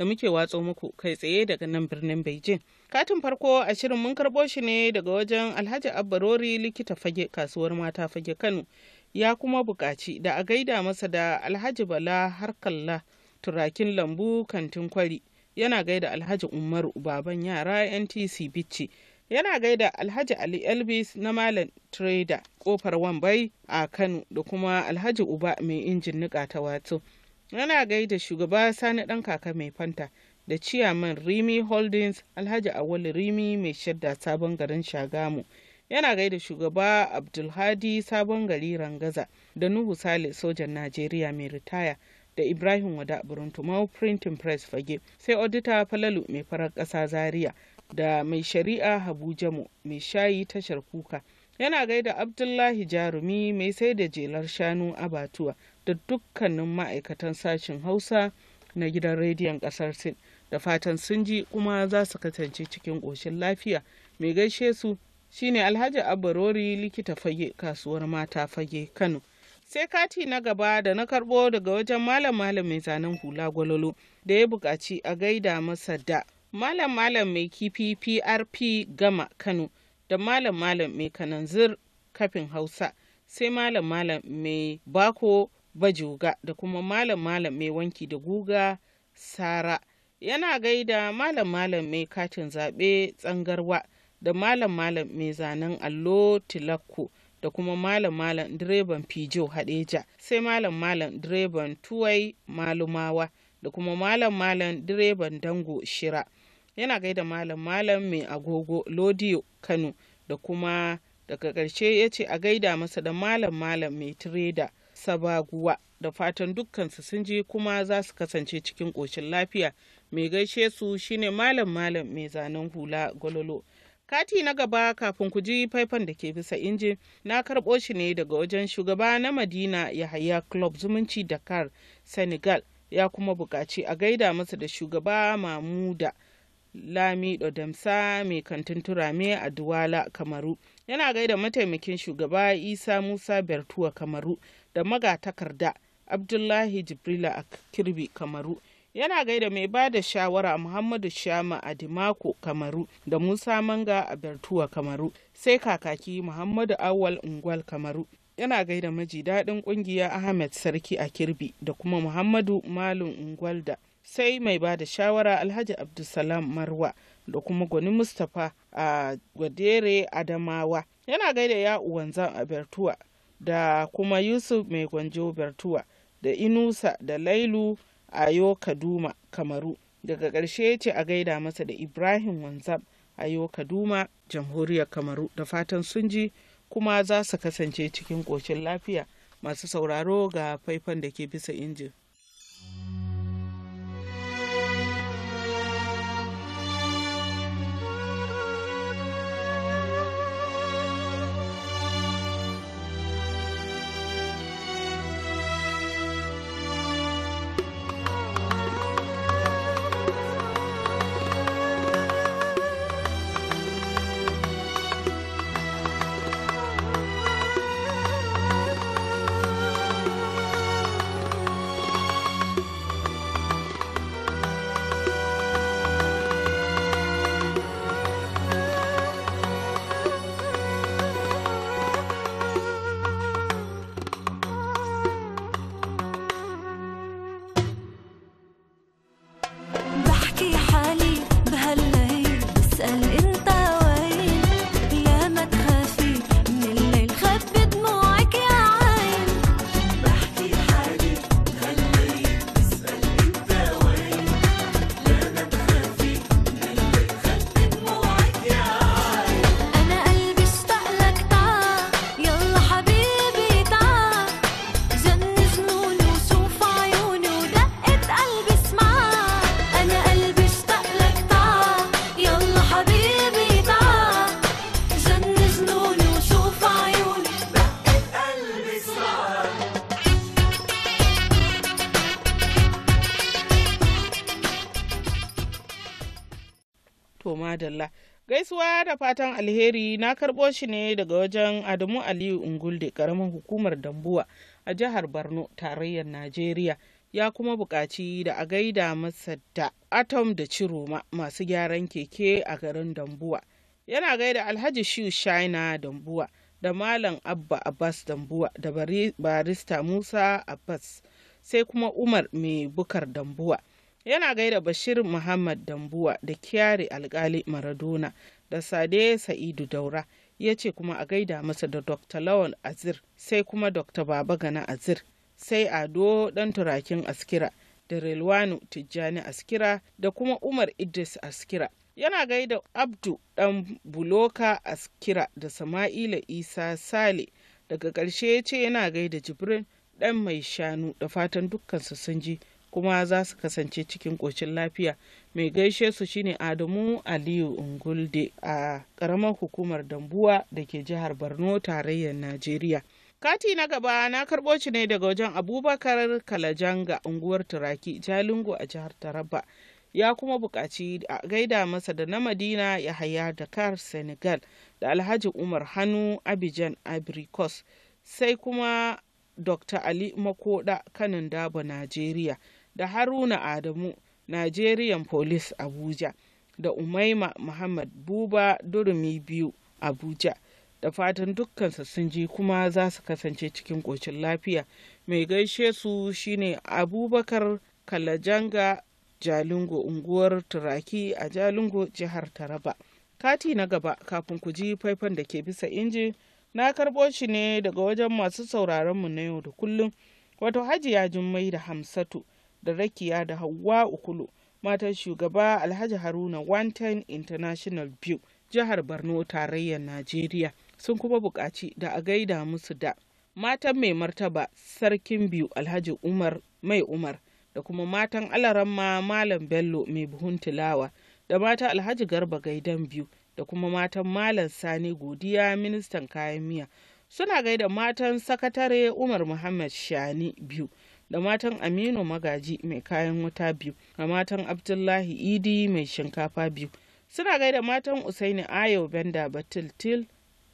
da muke watso muku kai tsaye daga nan birnin Beijing. Katin farko a shirin mun karbo shi ne daga wajen Alhaji Abbarori likita fage kasuwar mata fage Kano. Ya kuma bukaci da a gaida masa da Alhaji Bala Harkalla turakin lambu kantin kwari. Yana gaida Alhaji Umaru baban yara NTC Bicci. yana gaida alhaji ali elvis na malam trader kofar wambai a kano da kuma alhaji uba mai injin nika ta wato yana gaida shugaba sani ɗan kaka mai fanta da ciyaman rimi holdings alhaji awal rimi mai shadda sabon garin shagamu yana gaida shugaba abdulhadi sabon gari rangaza da nuhu sale sojan najeriya mai ritaya da ibrahim wada burntumau printing press fage sai odita falalu mai farar ƙasa zaria da mai shari'a habu jamo mai shayi tashar kuka yana gaida abdullahi jarumi mai sai da jelar shanu abatuwa da dukkanin ma'aikatan sashen Hausa na gidan rediyon ƙasar Sin. Da fatan sun ji kuma za su kasance cikin ƙoshin lafiya. Mai gaishe su shine Alhaji Abarori likita fage kasuwar mata fage Kano. sai kati na gaba da na karbo daga wajen malam malam mai zanen hula gwalolo da ya buƙaci a gaida masa da malam malam mai kifi prp gama kano da malam malam mai kananzir kafin hausa sai malam malam mai bako bajoga da kuma malam malam mai wanki da guga sara yana gaida malam malam mai katin zaɓe tsangarwa da malam malam mai zanen allo tilakko da kuma malam malam direban fijo hadeja sai malam malam direban tuwai malumawa da kuma malam malam direban dango shira yana gaida malam malam mai agogo lodiyo kano da kuma daga ƙarshe ya ce a gaida masa da malam malam mai tireda Sabaguwa da fatan dukkansu sun ji kuma za su kasance cikin ƙoshin lafiya. Mai gaishe su shine Malam Malam mai zanen hula Gololo. Kati na gaba kafin ku ji faifan da ke bisa injin na karɓo shi ne daga wajen shugaba na Madina Yahya Club Zumunci Dakar Senegal ya kuma buƙaci a gaida masa da shugaba Mamuda. Lami Damsa mai kantin turame a Duwala, Kamaru. Yana gaida mataimakin shugaba Isa Musa Bertuwa Kamaru da magatakarda abdullahi jibrila a kirbi kamaru yana gaida mai ba da shawara muhammadu shama a dimako kamaru da musa manga a bertuwa kamaru sai kakaki muhammadu awal ungwal kamaru yana gaida maji daɗin ƙungiya ahmed sarki a kirbi da kuma muhammadu malum ungwalda sai mai ba da shawara alhaji abdulsalam marwa da kuma gwani mustapha a gwadere adamawa yana gaida ya zan a bertuwa da kuma yusuf mai gwanjo bertuwa da inusa da lailu ayo kaduma kamaru daga ƙarshe ce a gaida masa da ibrahim wanzam ayo kaduma jamhuriyar kamaru da fatan sun ji kuma za su kasance cikin ƙoshin lafiya masu sauraro ga faifan da ke bisa injin gaisuwa da fatan alheri na karɓo shi ne daga wajen Adamu Aliyu Ungulde ƙaramin hukumar Dambuwa a jihar Borno tarayyar Najeriya ya kuma buƙaci da a gaida masa da Atom da Ciroma masu gyaran keke a garin Dambuwa. Yana gaida Alhaji Shiu Shaina Dambuwa da Malam Abba Abbas Dambuwa da Barista Musa Abbas sai kuma Umar mai bukar Dambuwa. yana gaida bashir muhammad dambuwa da kyari alkali maradona da sade sa'idu daura ya ce kuma a gaida masa da dr lawan azir sai kuma dr baba gana azir sai ado dan turakin askira da relwanu tijjani askira da kuma umar idris askira yana gaida abdu dan buloka askira da sama'ila isa sale daga ƙarshe ya ce yana gaida jibrin dan mai shanu da fatan su sun ji kuma za su kasance cikin ƙocin lafiya mai gaishe su shine adamu aliyu ungulde a ƙaramar hukumar dambuwa da ke jihar borno tarayyar najeriya kati na gaba na karɓo shi ne daga wajen abubakar kalajanga unguwar turaki jalingo a jihar taraba ya kuma buƙaci a gaida masa da na madina ya haya dakar senegal da alhaji umar hannu abijan abricos sai kuma dr ali makoda kanin dabo najeriya da haruna adamu nigerian police abuja da umaima muhammad buba durumi biyu abuja da fatan dukkansa sun ji kuma za su kasance cikin ƙocin lafiya mai gaishe su shine abubakar kalajanga jalingo unguwar turaki a jalingo jihar taraba kati na gaba kafin ku ji faifan da ke bisa inji na karɓo shi ne daga wajen masu sauraronmu na yau da kullum wato hajiya jummai da hamsatu da rakiya da hawa ukulu matan shugaba alhaji haruna wantan international view jihar borno tarayyar nigeria sun kuma bukaci da a gaida musu da matan mai martaba sarkin biyu alhaji umar mai umar da kuma matan alaramma malam bello mai buhun tilawa da mata alhaji garba gaidan biyu da kuma matan malam sani godiya ministan kayan miya suna gaida matan sakatare umar muhammad shani biyu da matan aminu magaji mai kayan wuta biyu da matan abdullahi idi mai shinkafa biyu suna gaida matan usaini ayo benda batil til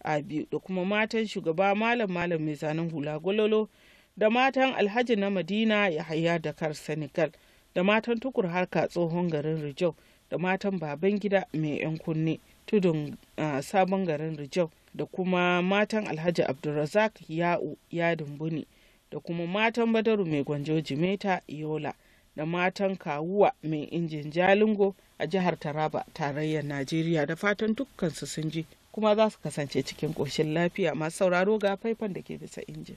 a biyu da kuma matan shugaba malam malam mai zanen hula gololo da matan alhaji na madina ya haya dakar senegal da matan tukur harka tsohon garin rijau da matan baban gida mai yan kunne tudun sabon garin rijau da kuma matan alhaji abdulrazak ya'u yadin buni da kuma matan badaru mai gwanjo jimeta Iyola, da matan kawuwa mai injin jalingo a jihar taraba tarayyar najeriya da fatan dukkansu sun ji kuma za su kasance cikin ƙoshin lafiya masu sauraro ga faifan da ke bisa injin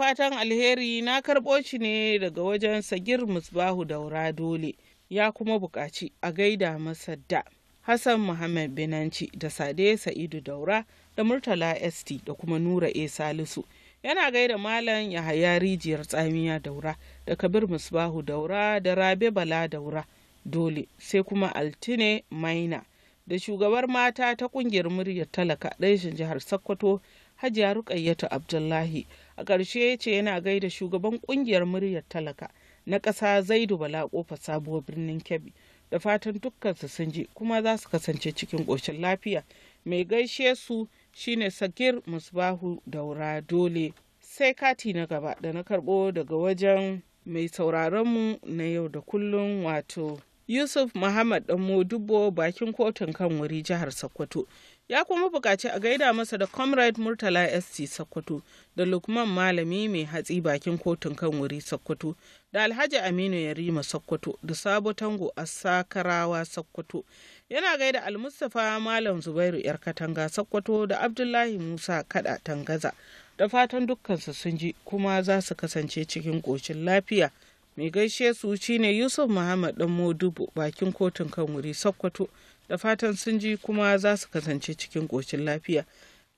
fatan alheri na karɓo shi ne daga wajen Sagir Musbahu Daura Dole ya kuma buƙaci a gaida masa da Hassan Muhammad Binanci da Sade Sa'idu Daura da Murtala ST da kuma Nura A Salisu. Yana gaida Malam Yahaya Rijiyar Tsamiya Daura da Kabir Musbahu Daura da Rabe Bala Daura Dole sai kuma Altine Maina da shugabar mata ta kungiyar muryar talaka ɗanshin jihar Sokoto Hajiya Rukayyatu Abdullahi a ƙarshe ya ce yana gaida shugaban ƙungiyar muryar talaka na ƙasa zaidu bala ƙofa sabuwar birnin kebbi da fatan su sun je kuma za su kasance cikin ƙoshin lafiya mai gaishe su shine sagir musbahu daura dole sai kati na gaba da na karɓo daga wajen mai sauraronmu na yau da kullun, wato yusuf muhammad dan modubo bakin kotun kan wuri jihar sokoto ya kuma buƙaci a gaida masa da comrade murtala sc sokoto da lukman malami mai hatsi bakin kotun kan wuri sokoto da alhaji aminu yarima sokoto da sabo tango a sakarawa sokoto yana gaida almustapha malam zubairu yar katanga sokoto da abdullahi musa kada tangaza da fatan dukkansu sun ji kuma za su kasance cikin ƙoshin lafiya mai gaishe su shine yusuf muhammad dan modubo bakin kotun kan wuri sokoto da fatan sun ji kuma za su kasance cikin ƙoshin lafiya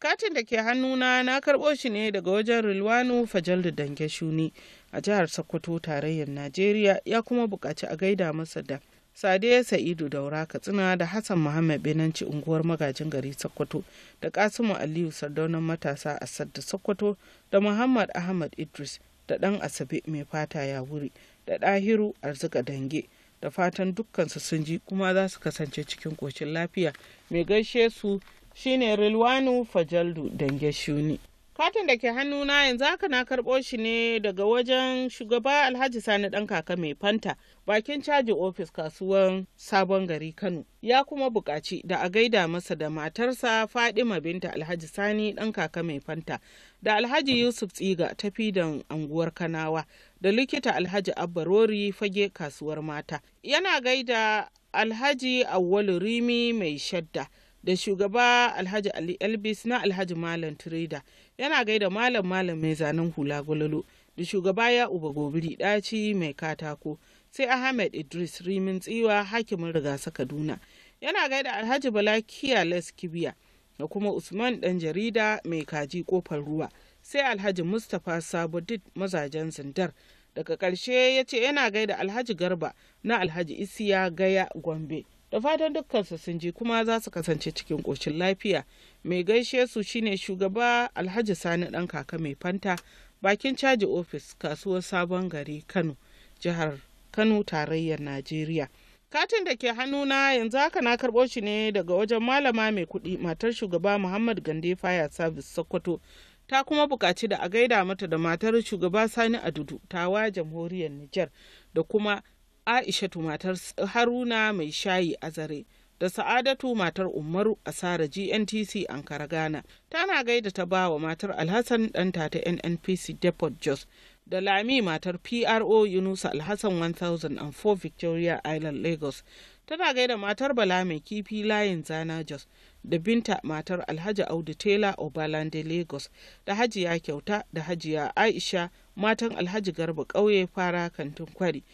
katin da ke hannuna na karɓo shi ne daga wajen rilwanu fajaldu dange shuni a jihar sokoto tarayyar najeriya ya kuma buƙaci a gaida masa da sade sa'idu daura katsina da hassan muhammad benanci unguwar magajin gari sokoto da kasimu aliyu sardaunan matasa a sadda sokoto da muhammad ahmad idris da ɗan asabe mai fata ya wuri da ɗahiru arzika dange da fatan dukkansu sun ji kuma za su kasance cikin ƙoshin lafiya mai gaishe su shine rilwanu fajaldu dange shuni Katin da ke hannuna yanzu haka na karɓo shi ne daga wajen shugaba Alhaji Sani ɗan kaka mai fanta bakin caji ofis kasuwan sabon gari Kano. Ya kuma buƙaci da a gaida masa da matarsa Fadima binta Alhaji Sani ɗan kaka mai fanta da Alhaji Yusuf Tsiga ta fidan anguwar Kanawa da likita Alhaji Abbarori fage kasuwar mata. Yana gaida Alhaji Awwalu Rimi mai shadda. da shugaba alhaji ali elbis na alhaji malam tireda yana gaida malam malam mai zanen hula gwalolo da shugaba ya uba gobiri ɗaci mai katako sai ahmed idris rimin tsiwa hakimin rigasa kaduna yana gaida alhaji bala Les kibiya da kuma usman dan jarida mai kaji kofar ruwa sai alhaji mustapha sabudid mazajen zindar daga ƙarshe ya ce yana gaida alhaji garba na alhaji isiya gaya gombe da fatan dukkansu sun ji kuma za su kasance cikin ƙoshin lafiya mai gaishe su shine shugaba alhaji sani ɗan kaka mai fanta bakin caji ofis kasuwar sabon gari kano jihar kano tarayyar najeriya katin da ke hannuna yanzu haka na karɓo shi ne daga wajen malama mai kuɗi matar shugaba muhammad gande fire service sokoto ta kuma buƙaci da a gaida mata da matar shugaba sani adudu tawa jamhuriyar nijar da kuma aishatu matar haruna mai shayi a zare da sa'adatu matar umaru a sara gntc ankara ghana tana gaida ta bawa matar alhassan ɗanta ta nnpc depot jos da lami matar pro yunusa alhassan 1004 victoria island lagos tana gaida matar bala mai kifi layin zana jos da binta matar alhaji audu tela obalande lagos da hajiya kyauta da hajiya aisha matan alhaji garba ƙauye fara kantin kwari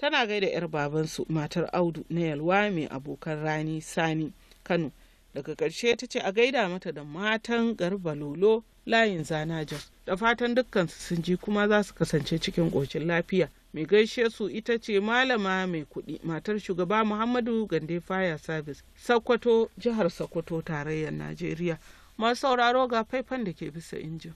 tana gaida 'yar babansu matar audu na yalwa mai abokan rani sani kano daga ƙarshe ta ce a gaida mata da matan garba lolo layin zanajan da fatan dukkan sun ji kuma za su kasance cikin ƙoshin lafiya mai gaishe su ita ce malama mai kuɗi matar shugaba muhammadu gande fire service sokoto jihar sokoto tarayyar najeriya masu sauraro ga faifan da ke bisa injin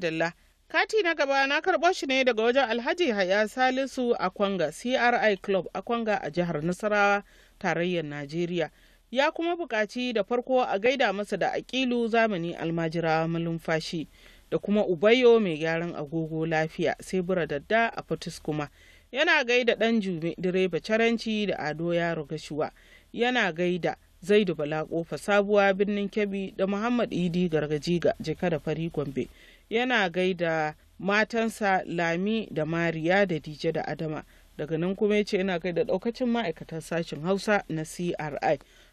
Adalla. Kati na gaba na karɓo shi ne daga wajen Alhaji Haya Salisu a Kwanga CRI Club a Kwanga a jihar Nasarawa tarayyar Najeriya. Ya kuma buƙaci da farko a gaida masa da aƙilu zamani almajirawa malumfashi da kuma Ubayo mai gyaran agogo lafiya sai bura dadda a Fatis kuma. Yana gaida ɗan Jume direba caranci da Ado Yaro Gashuwa. Yana gaida Zaidu Bala Kofa Sabuwa birnin Kebbi da Muhammad Idi Gargajiga jika da fari Gombe. yana gaida matansa lami da mariya da dije da adama daga nan kuma ya ce yana gaida daukacin ma'aikatan sashen hausa na cri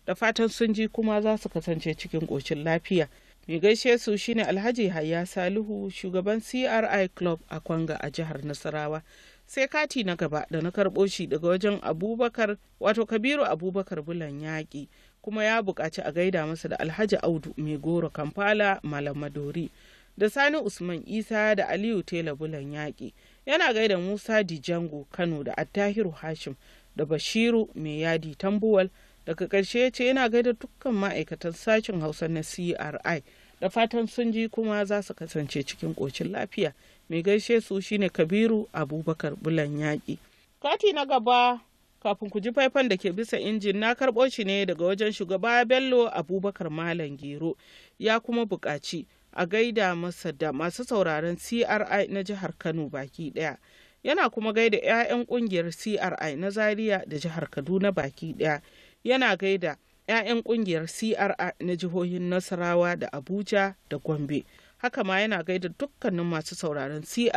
da fatan sun ji kuma za su kasance cikin ƙoshin lafiya mai gaishe su shine alhaji hayya salihu shugaban cri club a kwanga a jihar nasarawa sai kati na gaba da na karɓo shi daga wajen abubakar wato kabiru abubakar bulan yaƙi kuma ya buƙaci a gaida masa da alhaji audu mai goro kampala malam madori da sani usman isa da aliyu tela bulan yaƙi yana gaida musa dijango kano da attahiru hashim da bashiru mai yadi tambuwal daga ƙarshe ya ce yana gaida dukkan ma'aikatan sashen hausa na cri da fatan sun ji kuma za su kasance cikin ƙocin lafiya mai gaishe su shine kabiru abubakar bulan yaƙi kati na gaba kafin ku ji faifan da ke bisa injin na karɓo shi ne daga wajen shugaba bello abubakar malam gero ya kuma buƙaci a gaida masa da masu sauraron CRI na jihar Kano baki ɗaya. Yana kuma gaida 'ya'yan ƙungiyar CRI na Zaria da jihar Kaduna baki ɗaya. Yana gaida 'ya'yan ƙungiyar CRI na jihohin Nasarawa da Abuja da Gombe. Haka ma yana gaida dukkanin masu sauraron CRI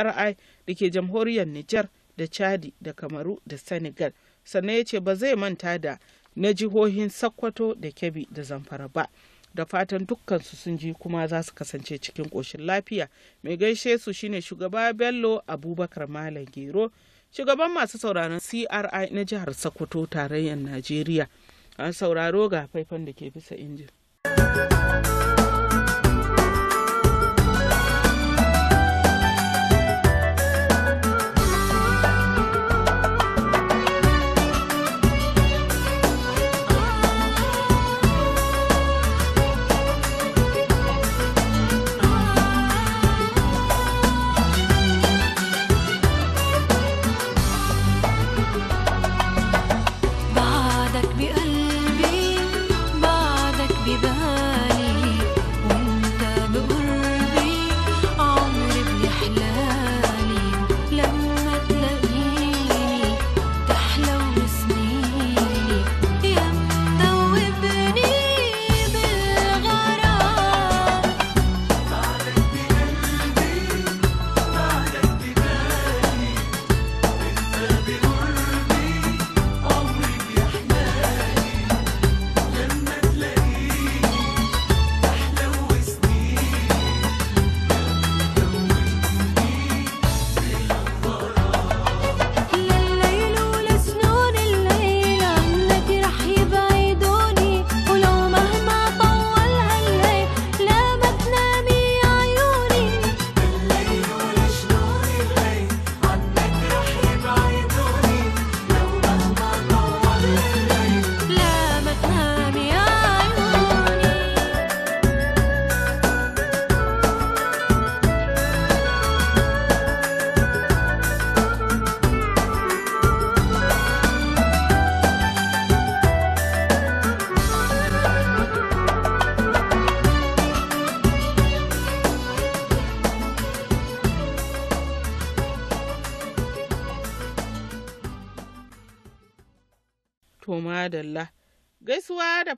da ke jamhuriyar Nijar da Chadi da Kamaru da Senegal. Sannan ya ce ba zai manta da na jihohin Sokoto da Kebbi da Zamfara ba. da fatan dukkansu sun ji kuma za su kasance cikin ƙoshin lafiya mai gaishe su shine shugaba bello abubakar malam gero shugaban masu sauraron cri na jihar sokoto tarayyar najeriya an sauraro ga faifan da ke bisa injin.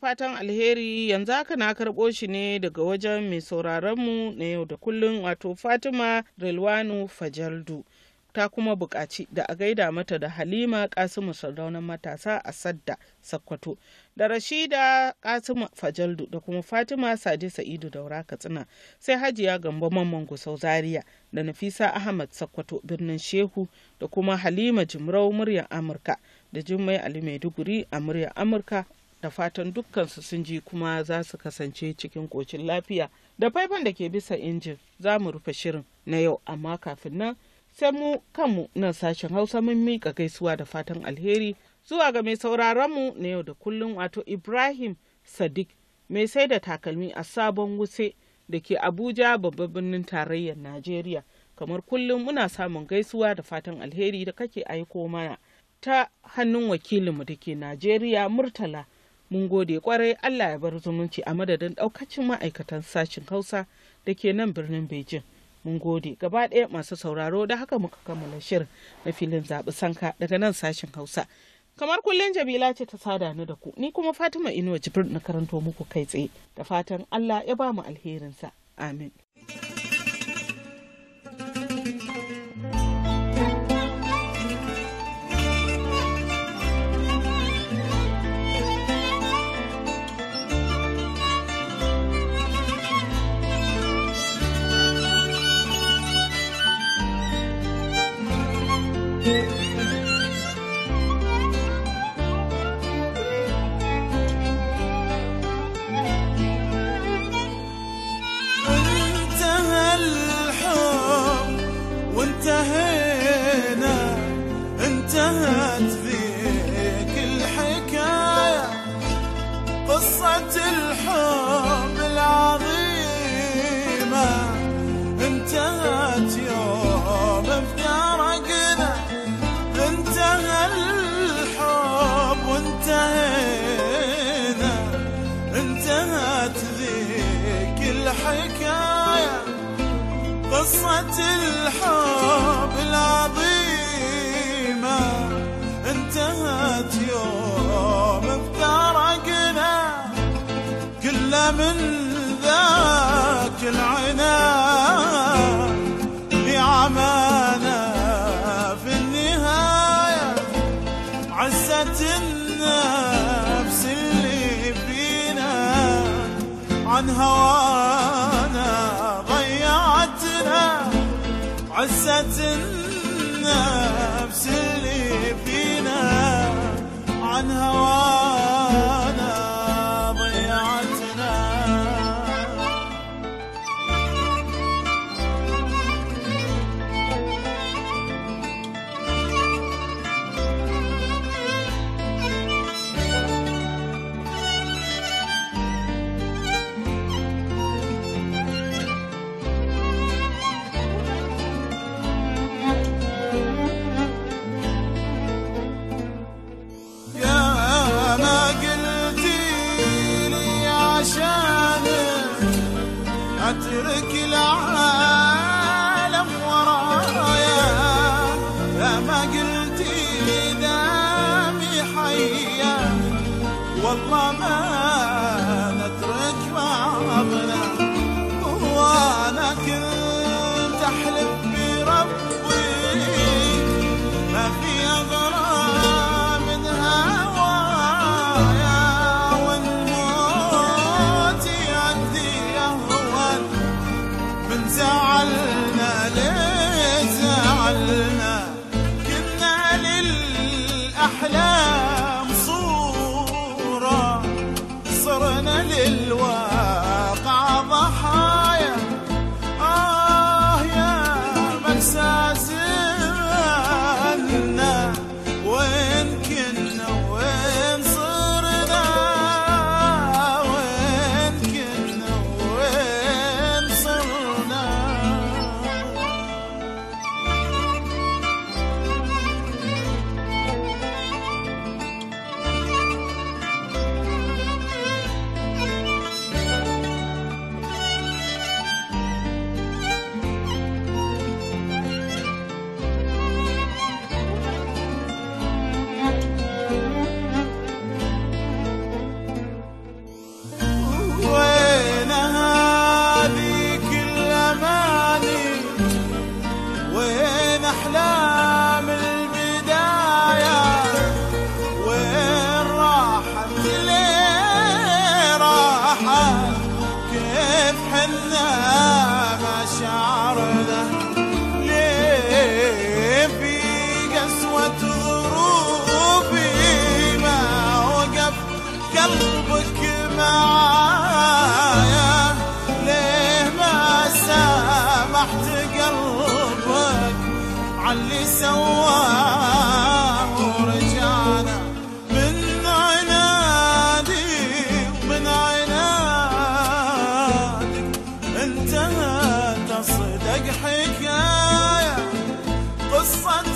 fatan alheri yanzu haka na karɓo shi ne daga wajen mai sauraronmu na yau da kullun wato Fatima Rilwanu Fajaldu. Ta kuma buƙaci da a gaida mata da Halima Kasimu Sardaunan Matasa a Sadda Sakkwato, da Rashida Kasimu Fajaldu da kuma Fatima Sade Sa'idu Daura Katsina, sai Hajiya Gambo Mamman Gusau Zaria da Nafisa Ahmad Sakkwato birnin Shehu da kuma Halima Jimrau muryar Amurka da Jummai Ali Maiduguri a muryar Amurka da fatan dukkansu sun ji kuma za su kasance cikin kocin lafiya da faifan da ke bisa injin za mu rufe shirin na yau amma kafin nan sai mu kanmu nan sashen hausa mun miƙa gaisuwa da fatan alheri zuwa ga mai mu na yau da kullum wato ibrahim sadiq mai sai da takalmi a sabon wuse da ke abuja babban birnin tarayyar najeriya kamar kullum muna samun gaisuwa da fatan alheri da kake aiko mana ta hannun wakilinmu da ke najeriya murtala mun gode kwarai allah ya bar zumunci a madadin daukacin ma'aikatan sashin hausa da ke nan birnin beijing mun gode gaba ɗaya masu sauraro da haka muka kammala shirin na filin zaɓi sanka daga nan sashin hausa kamar kullum jamila ce ta sada ni da ku ni kuma fatima inuwa jibril na karanto muku kai tsaye da fatan allah ya ba mu alherinsa amin انتهت ذيك الحكاية قصة الحب العظيمة انتهت يوم افترقنا انتهى الحب وانتهينا انتهت ذيك الحكاية قصة الحب من ذاك العناء لعمانا في النهاية عزت النفس اللي فينا عن هوانا الحكاية قصة